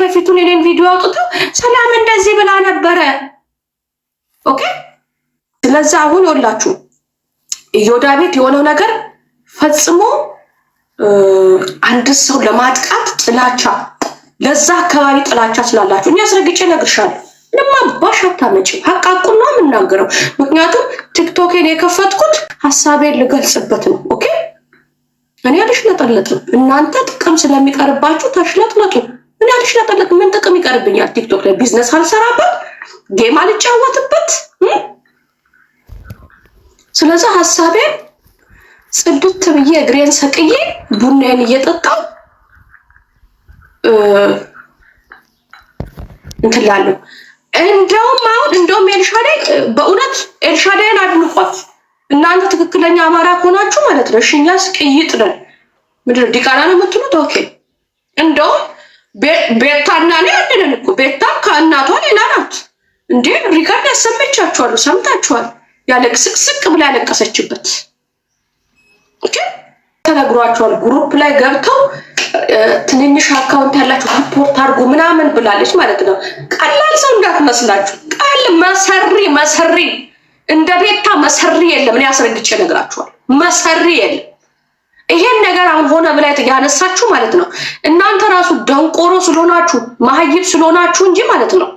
በፊቱን የኔን ቪዲዮ አውጥተው ሰላም እንደዚህ ብላ ነበረ። ኦኬ። ስለዛ አሁን ይወላችሁ እዮዳ ቤት የሆነው ነገር ፈጽሞ አንድ ሰው ለማጥቃት ጥላቻ፣ ለዛ አካባቢ ጥላቻ ስላላችሁ እኛ አስረግጬ እነግርሻለሁ። ምንም አባሽ አታመጪ። ሀቃቁን ነው የምናገረው። ምክንያቱም ቲክቶኬን የከፈትኩት ሀሳቤን ልገልጽበት ነው። ኦኬ እኔ አልሽለጠለጥም። እናንተ ጥቅም ስለሚቀርባችሁ ተሽለጥለጡ። ምን ያልሽ ላጠለቅ ምን ጥቅም ይቀርብኛል? ቲክቶክ ላይ ቢዝነስ አልሰራበት፣ ጌም አልጫወትበት። ስለዚህ ሀሳቤን ጽድት ብዬ እግሬን ሰቅዬ ቡናዬን እየጠጣው እንትላለሁ። እንደውም አሁን እንደውም ኤልሻዳይ በእውነት ኤልሻዳይን አድንቋት። እናንተ ትክክለኛ አማራ ከሆናችሁ ማለት ነው። እሽኛስ ቅይጥ ነው ምንድን ነው ዲቃላ ነው የምትሉት? ኦኬ እንደውም ቤታና እኔ ያለንን እኮ ቤታ ከእናቷ ሌላ ናት እንዴ! ሪከርድ ያሰመቻችኋሉ፣ ሰምታችኋል። ያለቅስቅስቅ ብላ ያለቀሰችበት ተነግሯቸዋል። ግሩፕ ላይ ገብተው ትንንሽ አካውንት ያላችሁ ሪፖርት አድርጉ ምናምን ብላለች ማለት ነው። ቀላል ሰው እንዳትመስላችሁ። ቀል መሰሪ መሰሪ እንደ ቤታ መሰሪ የለም። እኔ አስረግቼ ነግራችኋል። መሰሪ የለም። ይሄን ነገር አሁን ሆነ ብላ ያነሳችሁ ማለት ነው። እናንተ ራሱ ደንቆሮ ስለሆናችሁ ማህይብ ስለሆናችሁ እንጂ ማለት ነው።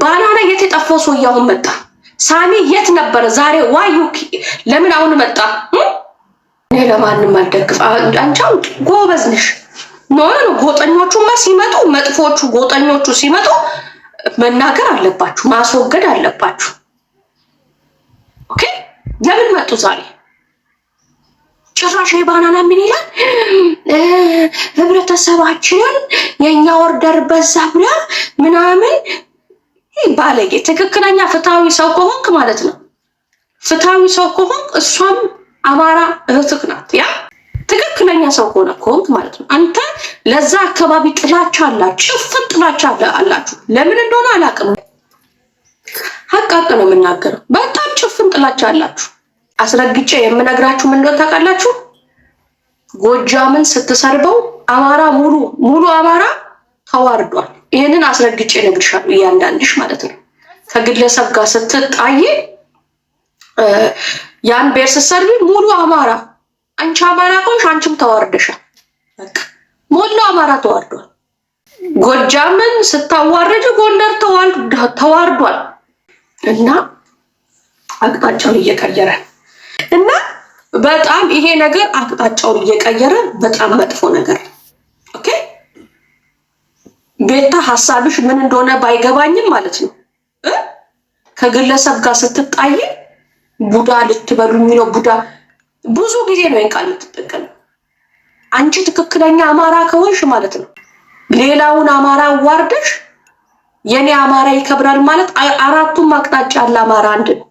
ባናና የት የጠፋው ሰውዬ መጣ? ሳሚ የት ነበረ ዛሬ? ዋዩ ለምን አሁን መጣ? እኔ ለማንም አልደግፍ። አንቺ ጎበዝ ነሽ። ጎጠኞቹማ ሲመጡ መጥፎቹ ጎጠኞቹ ሲመጡ መናገር አለባችሁ፣ ማስወገድ አለባችሁ። ኦኬ ለምን መጡ ዛሬ? ጭራሽ የባናና ምን ይላል? ህብረተሰባችንን የእኛ ኦርደር በዛ ብላ ምናምን ባለጌ። ትክክለኛ ፍትሐዊ ሰው ከሆንክ ማለት ነው። ፍትሐዊ ሰው ከሆንክ እሷም አማራ እህትህ ናት። ያ ትክክለኛ ሰው ከሆነ ከሆንክ ማለት ነው። አንተ ለዛ አካባቢ ጥላቻ አላችሁ፣ ጭፍን ጥላቻ አላችሁ። ለምን እንደሆነ አላውቅም። ሀቅ ሀቅ ነው የምናገረው። በጣም ጭፍን ጥላቻ አላችሁ። አስረግጬ የምነግራችሁ ምን እንደሆነ ታውቃላችሁ? ጎጃምን ስትሰርበው አማራ ሙሉ ሙሉ አማራ ተዋርዷል። ይህንን አስረግጬ እነግርሻለሁ፣ እያንዳንድሽ ማለት ነው። ከግለሰብ ጋር ስትጣይ ያን ብሔር ስትሰርቢ ሙሉ አማራ አንቺ አማራ ኮንሽ፣ አንቺም ተዋርደሻል። ሙሉ አማራ ተዋርዷል። ጎጃምን ስታዋረጅ ጎንደር ተዋርዷል። እና አቅጣጫውን እየቀየረ እና በጣም ይሄ ነገር አቅጣጫውን እየቀየረ በጣም መጥፎ ነገር ኦኬ። ቤታ ሀሳብሽ ምን እንደሆነ ባይገባኝም ማለት ነው ከግለሰብ ጋር ስትጣይ ቡዳ ልትበሉ የሚለው ቡዳ ብዙ ጊዜ ነው ቃል የምትጠቀመው። አንቺ ትክክለኛ አማራ ከሆንሽ ማለት ነው ሌላውን አማራ አዋርደሽ የኔ አማራ ይከብራል ማለት አራቱም አቅጣጫ ያለ አማራ አንድ ነው።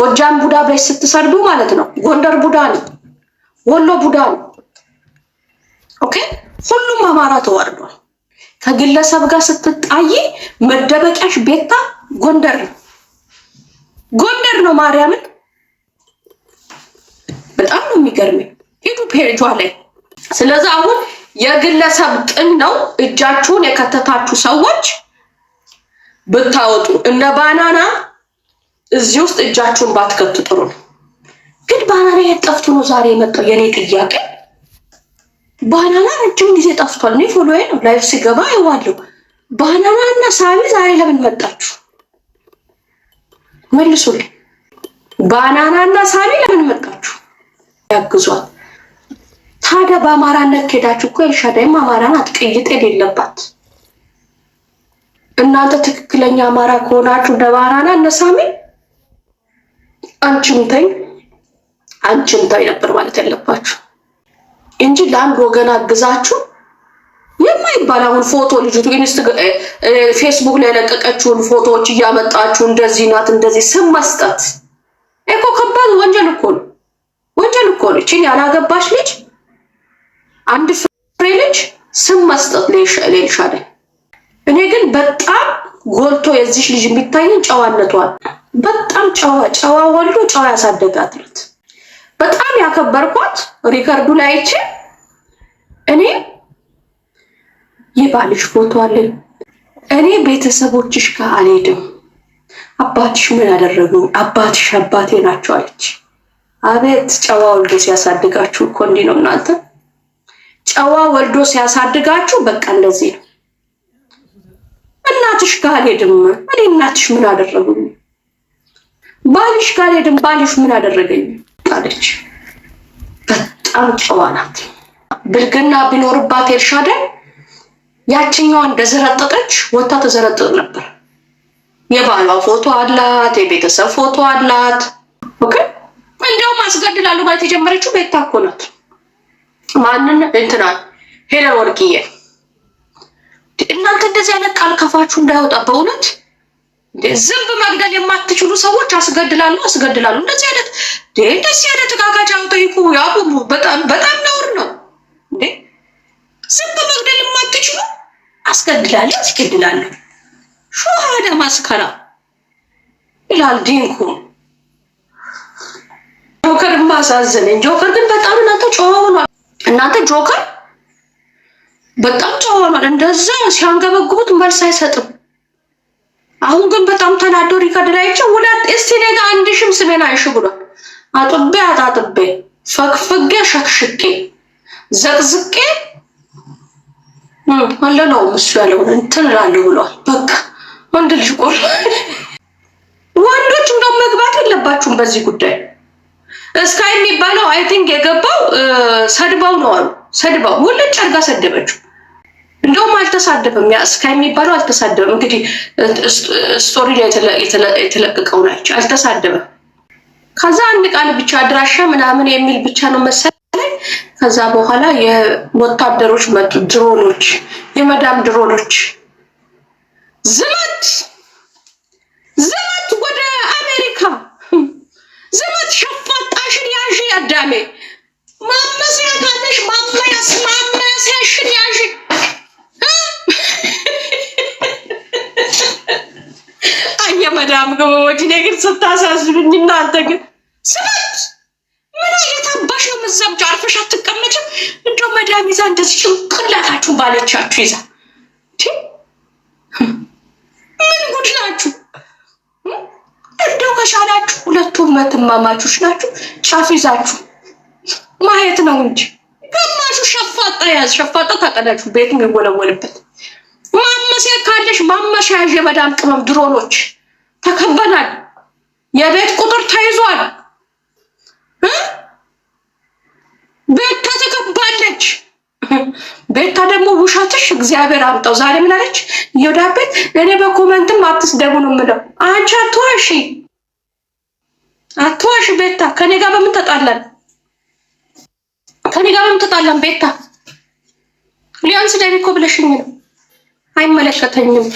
ጎጃም ቡዳ ብለሽ ስትሰርዱ ማለት ነው። ጎንደር ቡዳ ነው፣ ወሎ ቡዳ ነው። ኦኬ ሁሉም አማራ ተዋርዷል። ከግለሰብ ጋር ስትጣይ መደበቂያሽ ቤታ ጎንደር ነው፣ ጎንደር ነው። ማርያምን በጣም ነው የሚገርመኝ። ሂዱ ፔጇ ላይ። ስለዚህ አሁን የግለሰብ ጥን ነው እጃችሁን የከተታችሁ ሰዎች ብታወጡ እነ ባናና እዚህ ውስጥ እጃችሁን ባትከቱ ጥሩ ነው። ግን ባናና የት ጠፍቶ ነው ዛሬ የመጣው? የእኔ ጥያቄ ባናና ረጅም ጊዜ ጠፍቷል። እኔ ፎሎዬ ነው ላይፍ ሲገባ ይዋለሁ። ባናና እና ሳቢ ዛሬ ለምን መጣችሁ? መልሱልኝ። ባናና እና ሳቢ ለምን መጣችሁ? ያግዟል። ታዲያ በአማራነት ከሄዳችሁ እኮ ኤልሻዳይም አማራ ናት፣ ቅይጥ የሌለባት እናንተ ትክክለኛ አማራ ከሆናችሁ እንደ ባናና እነ አንቺም ተይ አንቺም ተይ ነበር ማለት ያለባችሁ እንጂ ለአንድ ወገን አግዛችሁ የማይባል አሁን ፎቶ ልጅቱ ፌስቡክ ላይ የለቀቀችውን ፎቶዎች እያመጣችሁ እንደዚህ ናት እንደዚህ ስም መስጠት እኮ ከባድ ወንጀል እኮ ነው። ወንጀል እኮ ነው። ይቺን ያላገባሽ ልጅ አንድ ፍሬ ልጅ ስም መስጠት ሌልሻለ። እኔ ግን በጣም ጎልቶ የዚች ልጅ የሚታየን ጨዋነቷል። በጣም ጨዋ ወልዶ ጨዋ ያሳደጋት ናት። በጣም ያከበርኳት ሪከርዱ ላይ አይቼ እኔ የባልሽ ፎቶ አለኝ፣ እኔ ቤተሰቦችሽ ጋር አልሄድም፣ አባትሽ ምን አደረጉ፣ አባትሽ አባቴ ናቸው አለች። አቤት ጨዋ ወልዶ ሲያሳድጋችሁ እኮ እንዲህ ነው እናንተ። ጨዋ ወልዶ ሲያሳድጋችሁ በቃ እንደዚህ ነው። እናትሽ ጋር አልሄድም፣ እኔ እናትሽ ምን አደረጉ ባልሽ ካልሄድም ባልሽ ምን አደረገኝ አለች። በጣም ጨዋ ናት። ብልግና ቢኖርባት ኤልሻዳይ ያችኛዋ እንደዘረጠጠች ወታ ተዘረጠጥ ነበር። የባሏ ፎቶ አላት፣ የቤተሰብ ፎቶ አላት። እንዲያውም አስገድላለሁ ማለት የጀመረችው ቤታ እኮ ናት። ማንን እንትና ሄለን ወርቅዬ እናንተ እንደዚህ አይነት ቃል ከፋችሁ እንዳይወጣ በእውነት ዝንብ መግደል የማትችሉ ሰዎች አስገድላሉ አስገድላሉ። እንደዚህ አይነት እንደዚህ አይነት ተጋጋጭ ጠይቁ ያቁሙ። በጣም በጣም ነውር ነው እንዴ! ዝንብ መግደል የማትችሉ አስገድላለሁ አስገድላለሁ። ሹሃደ ማስከራ ይላል ዲንኩ። ጆከር ማሳዘነኝ። ጆከር ግን በጣም እናንተ ጮኸ ሆኗል። እናንተ ጆከር በጣም ጮኸ ሆኗል። እንደዛ ሲያንገበግቡት መልስ አይሰጥም። አሁን ግን በጣም ተናዶ ሪከርድ ላይ ላይቸው ሁለት እስቲ ነገ አንድ ሽም ስሜን አይሽ ብሏል። አጥቤ አጣጥቤ ፈግፍጌ ሸክሽቄ ዘቅዝቄ አለ ነው እሱ ያለውን እንትን እላለሁ ብሏል። በቃ ወንድ ልጅ ቆል ወንዶች እንደው መግባት የለባችሁም በዚህ ጉዳይ። እስካይ የሚባለው አይ ቲንክ የገባው ሰድባው ነው አሉ። ሰድባው ሁሉ ጨርጋ ሰደበችው። እንደውም አልተሳደበም የሚባለው አልተሳደበም። እንግዲህ ስቶሪ ላይ የተለቀቀው ናቸው። አልተሳደበም። ከዛ አንድ ቃል ብቻ አድራሻ ምናምን የሚል ብቻ ነው መሰለኝ። ከዛ በኋላ የወታደሮች መጡ፣ ድሮኖች፣ የመዳም ድሮኖች ዝመት ዝመት ወደ አሜሪካ ዝመት ሸፋጣሽን ያዥ አዳሜ የማዳም ቅመሞች እኔ ግን ስታሳዝኑኝ እናንተ ግን ስማች ምን አይነት አባሽ ነው የምትዘምጪው? አርፈሽ አትቀመጭም? እንደው መዳም ይዛ እንደዚህ ጭንቅላታችሁን ባለቻችሁ ይዛ ምን ጉድ ናችሁ? እንደው ከሻላችሁ ሁለቱም መትማማቾች ናችሁ። ጫፍ ይዛችሁ ማየት ነው እንጂ ግማሹ ሸፋጣ ያዝ፣ ሸፋጣ ታቀዳችሁ ቤት የሚወለወልበት ማመሲያ ካለሽ ማመሻ ያዥ የመዳም ቅመም ድሮኖች ተከበናል። የቤት ቁጥር ተይዟል። ቤታ ተከባለች። ቤታ ደግሞ ውሻትሽ እግዚአብሔር አምጣው። ዛሬ ምን አለች? የወዳቤት እኔ በኮመንትም አትስደቡ ነው የምለው። አንቺ አትዋሺ፣ አትዋሺ ቤታ። ከኔ ጋር በምን ተጣላን? ከኔ ጋር በምን ተጣላን? ቤታ ሊያንስ ደሪኮ ብለሽኝ ነው። አይመለከተኝም።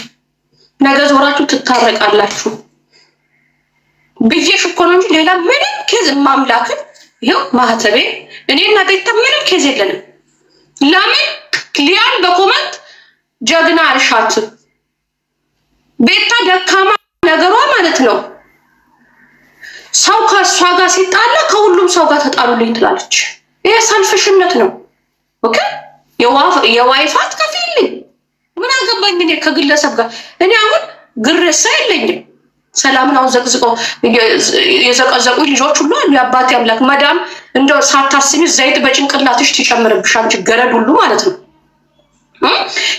ነገ ዞራችሁ ትታረቃላችሁ ብዬሽ እኮ ነው እንጂ ሌላ ምንም ኬዝ ማምላክን ይኸው ማህተቤ እኔና ቤታ ምንም ኬዝ የለንም። ለምን ሊያን በኮመንት ጀግና አልሻት ቤታ ደካማ ነገሯ ማለት ነው። ሰው ከእሷ ጋር ሲጣላ ከሁሉም ሰው ጋር ተጣሉልኝ ትላለች። ይሄ ሰልፍሽነት ነው። ኦኬ የዋይፋት ከፊልኝ ምን አገባኝ እኔ ከግለሰብ ጋር እኔ አሁን ግረሳ የለኝም። ሰላምን አሁን ዘቅዝቆ የዘቀዘቁ ልጆች ሁሉ አሉ። የአባቴ አምላክ መዳም እንደ ሳታስቢ ዘይት በጭንቅላትሽ ትጨምርብሻል። ገረድ ሁሉ ማለት ነው።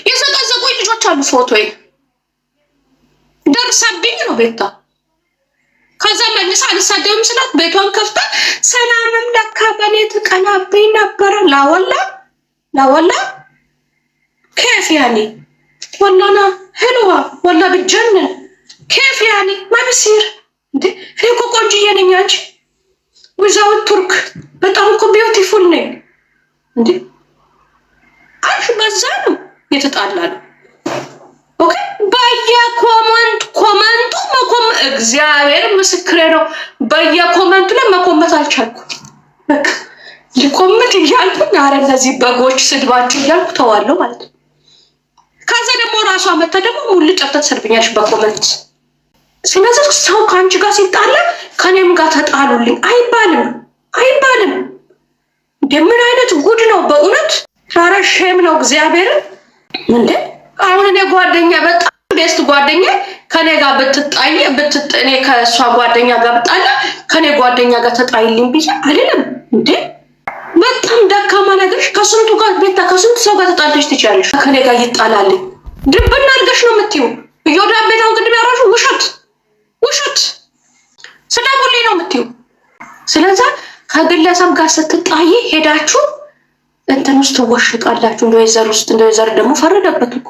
የዘቀዘቁ ልጆች አሉ። ፎቶ ደርሳብኝ ነው ቤታ ከዛ መልሳ አልሳደውም ስላት ቤቷን ከፍታ ሰላምም ለካ በኔ ትቀናብኝ ነበረ። ላወላ ላወላ ከፍ ያኔ ወላና ህልዋ ወላ ብጀንን ኬፍ ያኔ ማበሲር እንዴ እኔ እኮ ቆንጅዬ ነኝ። አንቺ ዊዛውት ቱርክ በጣም እኮ ቢዩቲፉል ነኝ እንዴ አልሽ። በዛ ነው የተጣላ ነው። ኦኬ በየኮመንት ኮመንቱ መኮም እግዚአብሔር ምስክሬ ነው። በየኮመንቱ ላይ መኮመት አልቻልኩት። በቃ ሊኮምት እያልኩኝ አረ እነዚህ በጎች ስድባቸው እያልኩ ተዋለው ማለት ነው። ከዛ ደግሞ ራሷ መታ ደግሞ ሙልጭ ተሰርብኛሽ በኮመንት ስለዚህ ሰው ከአንቺ ጋር ሲጣላ ከኔም ጋር ተጣሉልኝ አይባልም አይባልም እንደምን አይነት ጉድ ነው በእውነት ኧረ ሼም ነው እግዚአብሔር እንደ አሁን እኔ ጓደኛ በጣም ቤስት ጓደኛ ከኔ ጋር ብትጣይ ብትጥኔ ከእሷ ጓደኛ ጋር ብጣላ ከኔ ጓደኛ ጋር ተጣይልኝ ብዬ አይደለም እንዴ በጣም ደካማ ነገርሽ። ከስንቱ ጋር ቤታ ከስንቱ ሰው ጋር ተጣልተሽ ትችያለሽ። ከኔ ጋር ይጣላልኝ ድብና አድርገሽ ነው የምትይው። እዮዳ ቤታውን ቅድም ያወራሽው ውሸት ውሸት ስደቡልኝ ነው የምትይው። ስለዛ ከግለሰብ ጋር ስትጣይ ሄዳችሁ እንትን ውስጥ ትወሽቃላችሁ። እንደ ወይዘር ውስጥ እንደ ወይዘር ደግሞ ፈረደበት እኮ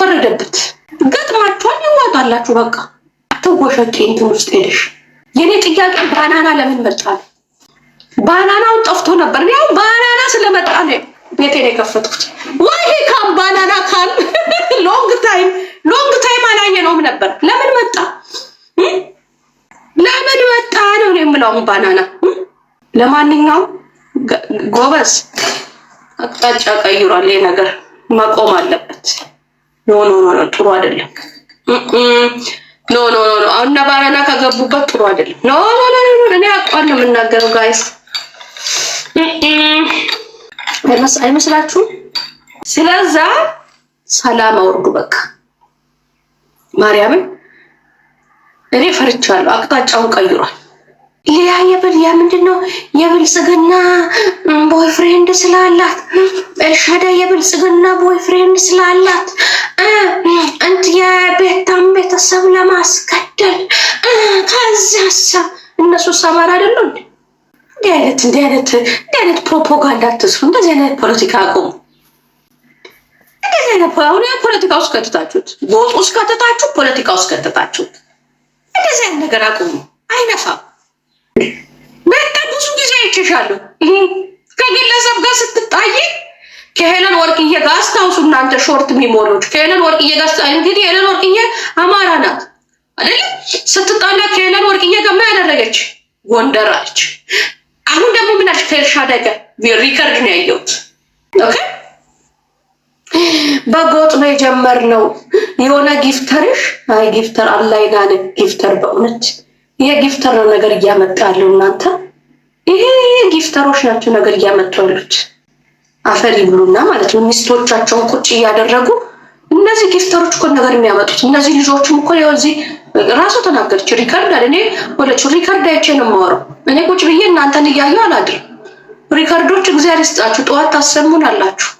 ፈረደበት። ገጥማችኋል፣ ይዋጣላችሁ። በቃ አትወሸቂ እንትን ውስጥ ሄደሽ የኔ ጥያቄ ባናና ለምን መጣል ባናናው ጠፍቶ ነበር። ያው ባናና ስለመጣ ነው ቤቴን የከፈትኩት። ወይ ካም ባናና ካም ሎንግ ታይም ሎንግ ታይም አላየነውም ነበር። ለምን መጣ ለምን መጣ ነው ነው የምለውም ባናና። ለማንኛውም ጎበዝ አቅጣጫ ቀይሯል። ይሄ ነገር መቆም አለበት። ኖ ኖ ኖ፣ ጥሩ አይደለም። ኖ ኖ ኖ፣ አሁን ባናና ከገቡበት ጥሩ አይደለም። ኖ ኖ ኖ፣ እኔ አቋን ነው የምናገረው ጋይስ አይመስላችሁም? ስለዛ ሰላም አውርዱ። በቃ ማርያምን እኔ ፈርቻለሁ። አቅጣጫውን ቀይሯል። ሊያ የብል ያ ምንድን ነው የብልጽግና ቦይፍሬንድ ስላላት ሸዳ የብልጽግና ቦይፍሬንድ ስላላት እንት የቤታን ቤተሰብ ለማስገደል ከዚያሳ እነሱ ሰማር አይደሉ እንዴ? እንዲህ አይነት እንዲህ አይነት እንዲህ አይነት ፕሮፓጋንዳ አትስሩ። እንደዚህ አይነት ፖለቲካ አቁሙ። እንደዚህ አይነት አሁን ፖለቲካ ውስጥ ከተታችሁት፣ ጎጥ ውስጥ ከተታችሁ፣ ፖለቲካ ውስጥ ከተታችሁት፣ እንደዚህ አይነት ነገር አቁሙ። አይነፋም። በቃ ብዙ ጊዜ አይቼሻለሁ። ከግለሰብ ጋር ስትጣይ ከሄለን ወርቅዬ ጋር አስታውሱ። እናንተ ሾርት ሚሞሪዎች ከሄለን ወርቅዬ ጋር ስታ እንግዲህ ሄለን ወርቅዬ አማራ ናት አይደለም? ስትጣላ ከሄለን ወርቅዬ ጋር ምን ያደረገች? ጎንደር አለች። ከኤልሻዳይ ጋር ሪከርድ ነው ያየሁት። በጎጥ ነው የጀመርነው። የሆነ ጊፍተርሽ አይ ጊፍተር አላይናን ጊፍተር በእውነት ይሄ ጊፍተር ነው ነገር እያመጣ ያለው እናንተ ይሄ ጊፍተሮች ናቸው ነገር እያመጡ ያሉት። አፈር ይብሉና ማለት ነው ሚስቶቻቸውን ቁጭ እያደረጉ እነዚህ ጊፍተሮች እኮ ነገር የሚያመጡት እነዚህ ልጆችም እኮ ያው ራሱ ተናገረች። ሪከርድ አለ እኔ ሪከርድ አይቼ ነው የማወራው እኔ ቁጭ ብዬ እናንተን እያየሁ አላድርም። ሪከርዶች እግዚአብሔር ይስጣችሁ። ጠዋት ታሰሙን አላችሁ።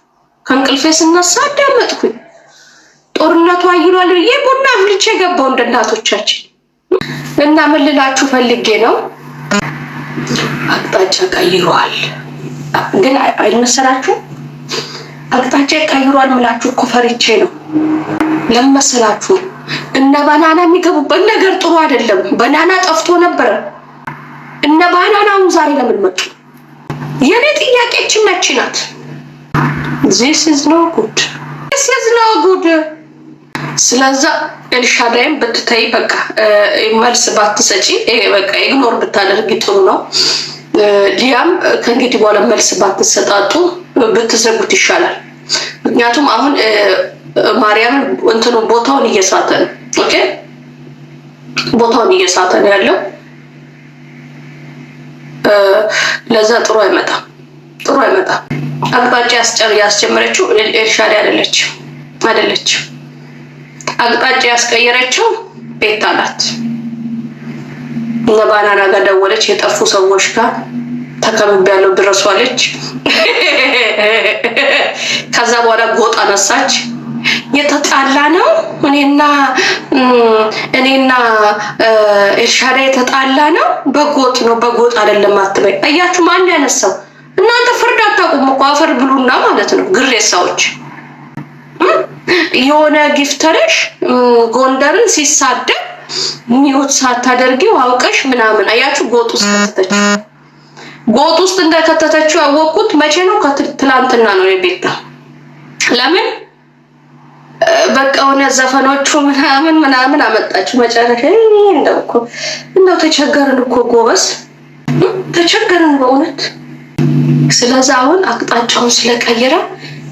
ከእንቅልፌ ስነሳ አዳመጥኩኝ። ጦርነቱ አይሏል ብዬ ቡና አፍልቼ የገባው እንደ እናቶቻችን እና ምን ልላችሁ ፈልጌ ነው፣ አቅጣጫ ቀይሯል። ግን አይመሰላችሁ? አቅጣጫ ቀይሯል ምላችሁ እኮ ፈርቼ ነው። ለመሰላችሁ እነ ባናና የሚገቡበት ነገር ጥሩ አይደለም። ባናና ጠፍቶ ነበረ። እነ ባናናውን ዛሬ ለምን መጡ? የኔ ጥያቄችን መቺ ናት። ዚስ ኢዝ ኖ ጉድ ዚስ ኢዝ ኖ ጉድ። ስለዛ ኤልሻዳይም ብትተይ በቃ መልስ ባትሰጪ በቃ ኢግኖር ብታደርጊ ጥሩ ነው። ሊያም ከእንግዲህ በኋላ መልስ ባትሰጣጡ ብትዘጉት ይሻላል። ምክንያቱም አሁን ማርያምን እንትኑ ቦታውን እየሳተ ነው። ኦኬ ቦታውን እየሳተ ነው ያለው ለዛ ጥሩ አይመጣም፣ ጥሩ አይመጣም። አቅጣጫ ያስጀመረችው ኤልሻዳይ አደለች አደለች። አቅጣጫ ያስቀየረችው ቤታ ናት። እነ ባናና ጋር ደወለች፣ የጠፉ ሰዎች ጋር ተከብብ ያለው ድረሷለች። ከዛ በኋላ ጎጥ አነሳች። የተጣላ ነው እኔና እኔና ኤልሻዳ የተጣላ ነው በጎጥ ነው በጎጥ አይደለም አትበይ። አያችሁ ማን ያነሳው? እናንተ ፍርድ አታውቁም እኮ አፈር ብሉና ማለት ነው። ግሬሳዎች የሆነ ጊፍተረሽ ጎንደርን ሲሳደብ ሚውት ሳታደርጊው አውቀሽ ምናምን አያችሁ፣ ጎጥ ውስጥ ከተተችው። ጎጥ ውስጥ እንደከተተችው ያወቅኩት መቼ ነው? ትላንትና ነው የቤታ ለምን በቃ እውነት ዘፈኖቹ ምናምን ምናምን አመጣችሁ መጨረሻ። እንደው እኮ እንደው ተቸገርን እኮ ጎበዝ፣ ተቸገርን በእውነት። ስለዚ አሁን አቅጣጫውን ስለቀየረ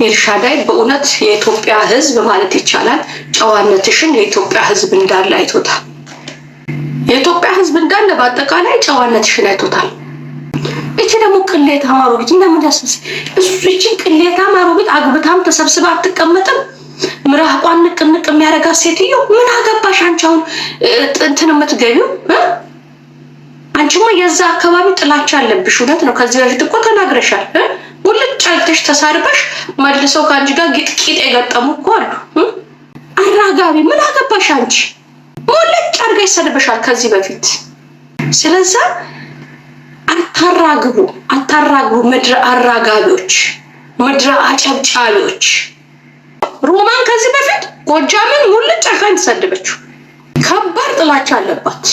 ኤልሻዳይ በእውነት የኢትዮጵያ ሕዝብ ማለት ይቻላል ጨዋነትሽን የኢትዮጵያ ሕዝብ እንዳለ አይቶታል። የኢትዮጵያ ሕዝብ እንዳለ በአጠቃላይ ጨዋነትሽን አይቶታል። እቺ ደግሞ ቅሌታም አሮጊት እንደምን ያስመስል እቺ ቅሌታም አሮጊት አግብታም ተሰብስባ አትቀመጥም። ምራቋን ንቅ ንቅ የሚያደርጋት ሴትዮ ምን አገባሽ አንቺ? አሁን እንትን የምትገቢው አንቺማ የዛ አካባቢ ጥላቻ አለብሽ። እውነት ነው። ከዚህ በፊት እኮ ተናግረሻል። ውልጭ አልተሽ ተሳድበሽ መልሰው ከአንቺ ጋር ጌጥጌጥ የገጠሙ እኮ አሉ። አራጋቢ ምን አገባሽ አንቺ? ውልጭ አድርጋ ይሰድበሻል ከዚህ በፊት ስለዛ አታራግቡ፣ አታራግቡ ምድረ አራጋቢዎች፣ ምድረ አጨብጫቢዎች። ሮማን ከዚህ በፊት ጎጃምን ሙልጭ አርጋን ተሰደበችው። ከባድ ጥላቻ አለባት።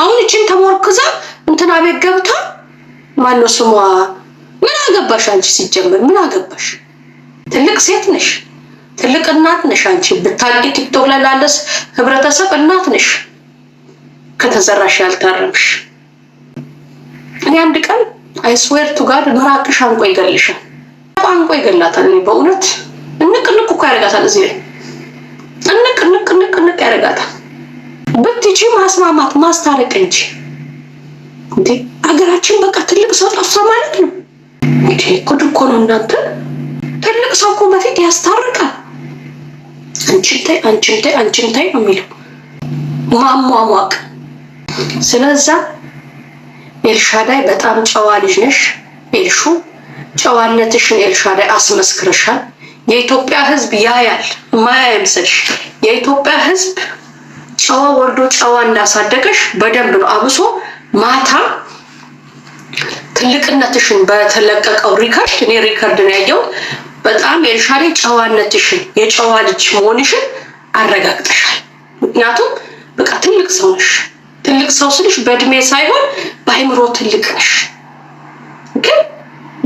አሁን እችን ተሞርክዛ እንትና ቤት ገብታ ማነው ስሟ? ምን አገባሽ አንቺ? ሲጀመር ምን አገባሽ? ትልቅ ሴት ነሽ፣ ትልቅ እናት ነሽ። አንቺ ብታቂ ቲክቶክ ላይ ላለስ ህብረተሰብ እናት ነሽ። ከተዘራሽ ያልታረምሽ እኔ አንድ ቀን አይስዌር ቱ ጋድ ምራቅሽ አንቆ ይገልሻል፣ አንቆ ይገላታል። በእውነት እንቅንቅ እንቅ እኮ ያደርጋታል። እዚህ ላይ እንቅ እንቅ እንቅ እንቅ ያደርጋታል። ብትቺ ማስማማት ማስታረቅ እንጂ እንዴ አገራችን በቃ ትልቅ ሰው ጠፋ ማለት ነው። እንዴ ጉድ እኮ ነው እናንተ። ትልቅ ሰው እኮ በፊት ያስታርቃል። አንቺን አንችንታይ አንቺን ታይ፣ አንቺን ነው የሚለው ማሟሟቅ። ስለዛ ኤልሻዳይ በጣም ጨዋ ልጅ ነሽ። ኤልሹ ጨዋነትሽን ኤልሻዳይ አስመስክረሻል። የኢትዮጵያ ሕዝብ ያያል። ማያ ይምሰልሽ። የኢትዮጵያ ሕዝብ ጨዋ ወርዶ ጨዋ እንዳሳደገሽ በደንብ ነው። አብሶ ማታ ትልቅነትሽን በተለቀቀው ሪከርድ እኔ ሪከርድ ነው ያየው። በጣም የሻሌ ጨዋነትሽን የጨዋ ልጅ መሆንሽን አረጋግጠሻል። ምክንያቱም በቃ ትልቅ ሰው ነሽ። ትልቅ ሰው ስልሽ በእድሜ ሳይሆን በአይምሮ ትልቅ ነሽ፣ ግን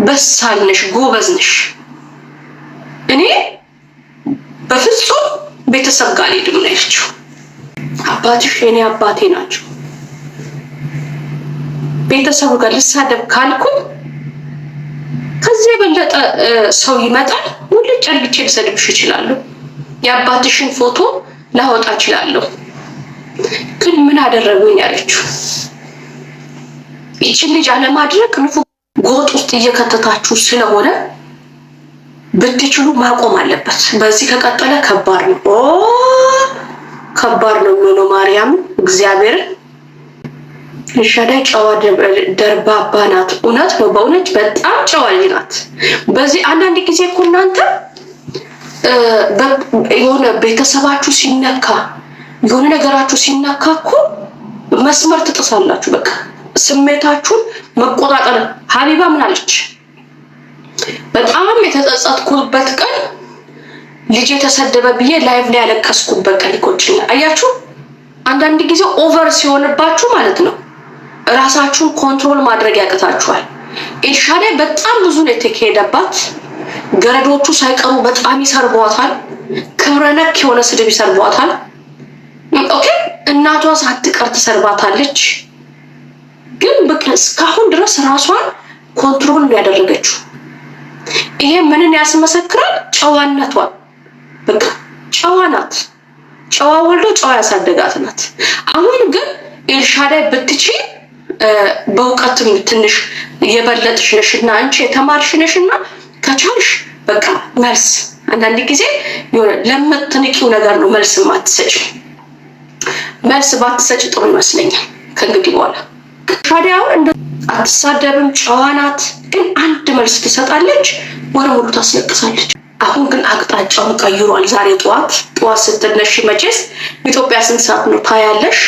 በሳል ነሽ፣ ጎበዝ ነሽ። እኔ በፍጹም ቤተሰብ ጋር ሊድም ናይችው አባትሽ የኔ አባቴ ናቸው። ቤተሰቡ ጋር ልሳደብ ካልኩኝ ከዚህ የበለጠ ሰው ይመጣል። ሁሉ አልግቼ ልሰድብሽ እችላለሁ። የአባትሽን ፎቶ ላወጣ እችላለሁ። ግን ምን አደረጉኝ ያለችው ይችን ልጅ አለማድረግ ንፉ ጎጥ ውስጥ እየከተታችሁ ስለሆነ ብትችሉ ማቆም አለበት። በዚህ ከቀጠለ ከባድ ነው፣ ከባድ ነው የሚሆነው። ማርያም እግዚአብሔር ሻዳይ ጨዋ ደርባባ ናት። እውነት ነው፣ በእውነት በጣም ጨዋ ልጅ ናት። በዚህ አንዳንድ ጊዜ እኮ እናንተ የሆነ ቤተሰባችሁ ሲነካ የሆነ ነገራችሁ ሲነካ እኮ መስመር ትጥሳላችሁ። በቃ ስሜታችሁን መቆጣጠር ሀቢባ ምን አለች? በጣም የተጸጸትኩበት ቀን ልጅ የተሰደበ ብዬ ላይቭ ላይ ያለቀስኩበት ቀን ይቆጭኛል። አያችሁ አንዳንድ ጊዜ ኦቨር ሲሆንባችሁ ማለት ነው እራሳችሁን ኮንትሮል ማድረግ ያቅታችኋል። ኤልሻ ላይ በጣም ብዙ ነው የተካሄደባት። ገረዶቹ ሳይቀሩ በጣም ይሰርቧታል። ክብረነክ የሆነ ስድብ ይሰርቧታል። ኦኬ እናቷ ሳትቀር ትሰርባታለች። ግን እስካሁን ድረስ ራሷን ኮንትሮል ነው ያደረገችው። ይሄ ምንን ያስመሰክራል? ጨዋነቷን። በቃ ጨዋ ናት። ጨዋ ወልዶ ጨዋ ያሳደጋት ናት። አሁን ግን ኤልሻዳይ ብትቺ በእውቀትም ትንሽ የበለጥሽ ነሽና አንቺ የተማርሽ ነሽና ከቻልሽ በቃ መልስ አንዳንድ ጊዜ የሆነ ለምትንቂው ነገር ነው መልስ ማትሰጭ። መልስ ባትሰጭ ጥሩ ይመስለኛል ከእንግዲህ በኋላ ሻዲያውን አትሳደብም፣ ጨዋ ናት። ግን አንድ መልስ ትሰጣለች፣ ወረ ሙሉ ታስለቅሳለች። አሁን ግን አቅጣጫውን ቀይሯል። ዛሬ ጠዋት ጠዋት ስትነሽ መቼስ ኢትዮጵያ ስንት ሰዓት ነው ታያለሽ።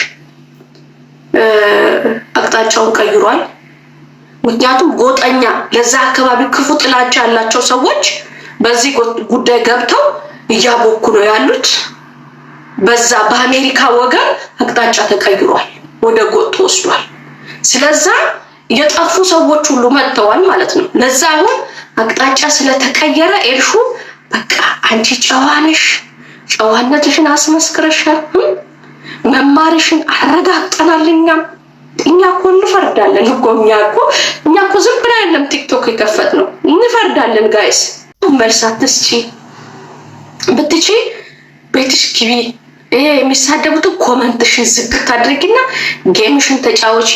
አቅጣጫውን ቀይሯል። ምክንያቱም ጎጠኛ ለዛ አካባቢ ክፉ ጥላቻ ያላቸው ሰዎች በዚህ ጉዳይ ገብተው እያቦኩ ነው ያሉት። በዛ በአሜሪካ ወገን አቅጣጫ ተቀይሯል፣ ወደ ጎጥ ወስዷል። ስለዛ የጠፉ ሰዎች ሁሉ መጥተዋል ማለት ነው። ለዛ አሁን አቅጣጫ ስለተቀየረ ኤልሹ በቃ አንቺ ጨዋንሽ ጨዋነትሽን አስመስክረሻል። መማርሽን አረጋግጠናል። እኛም እኛ እኮ እንፈርዳለን እኮ እኛ እኮ እኛ እኮ ዝም ብላ ያለም ቲክቶክ የከፈት ነው እንፈርዳለን። ጋይስ መልስ አትስጪ፣ ብትቺ ቤትሽ ግቢ። የሚሳደቡትን ኮመንትሽን ዝግት አድርጊና ጌምሽን ተጫወቺ።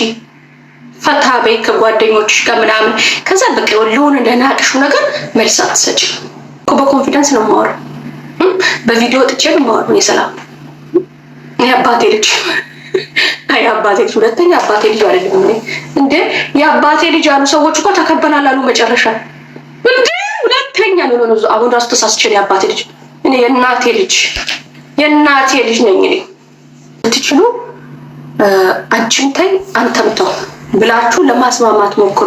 ፈታ በይ ከጓደኞችሽ ጋር ምናምን። ከዛ በቃ ለሆነ ለናቅሹ ነገር መልስ አትሰጭ። በኮንፊደንስ ነው ማወር፣ በቪዲዮ ጥቼ ነው ማወር። የሰላም የአባቴ ልጅ አይ አባቴ ልጅ ሁለተኛ አባቴ ልጅ አይደለም እንዴ! የአባቴ ልጅ አሉ ሰዎች እኮ ተከበናል አሉ መጨረሻ እንዴ! ሁለተኛ ነው ነው አሁን ራሱ ተሳስቼ የአባቴ ልጅ እኔ የእናቴ ልጅ የእናቴ ልጅ ነኝ እኔ። ብትችሉ አንቺም ተይ አንተም ተው። ብላችሁ ለማስማማት ሞክሩ።